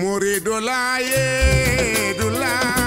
muridu laaye du laa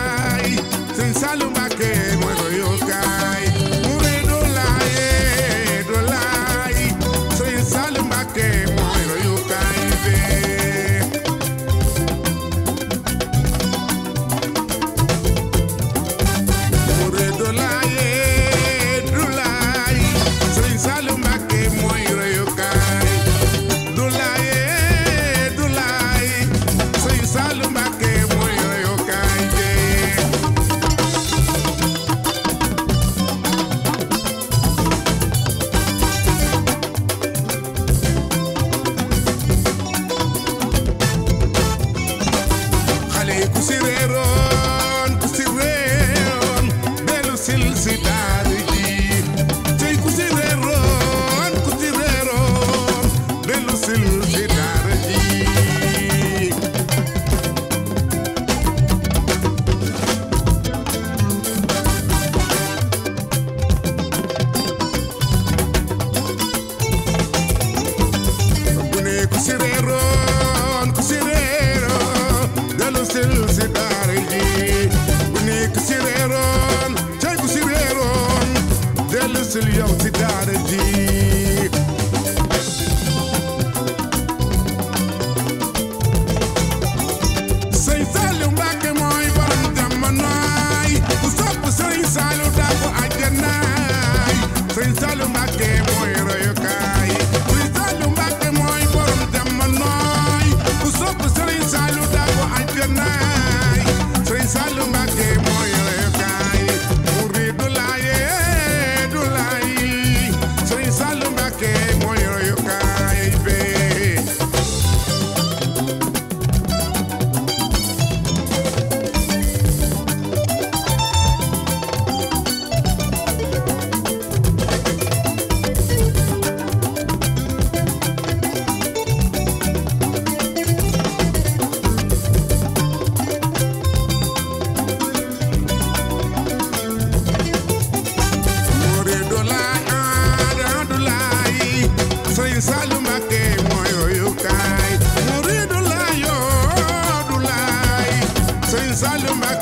still you out to die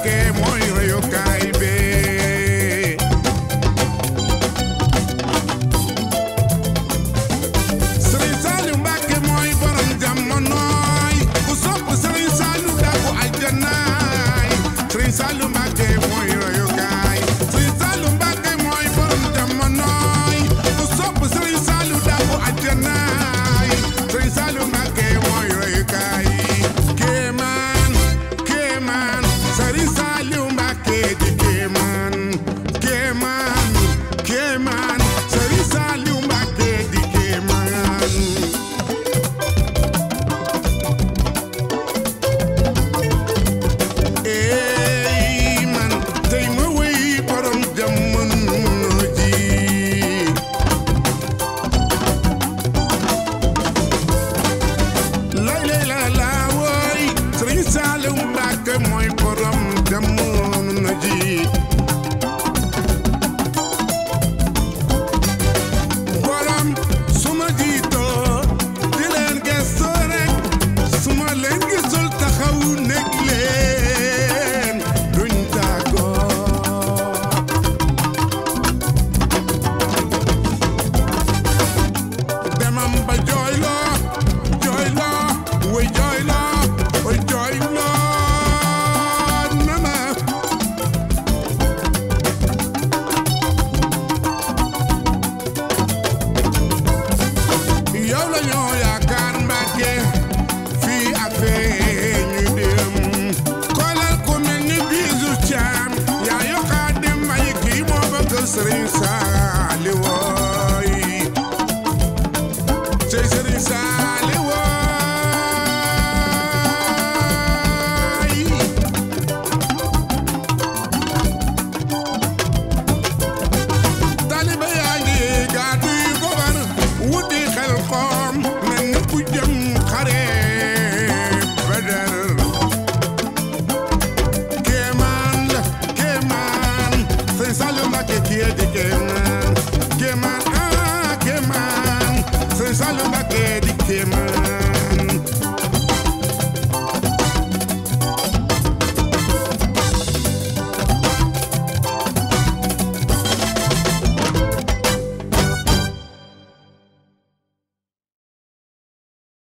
que Dakar Mbàkke fii ak fee ñu dem kolal ku mel ni bisu caam yaa yokka dem ay kii moo bëgg Sëriñ Saaliw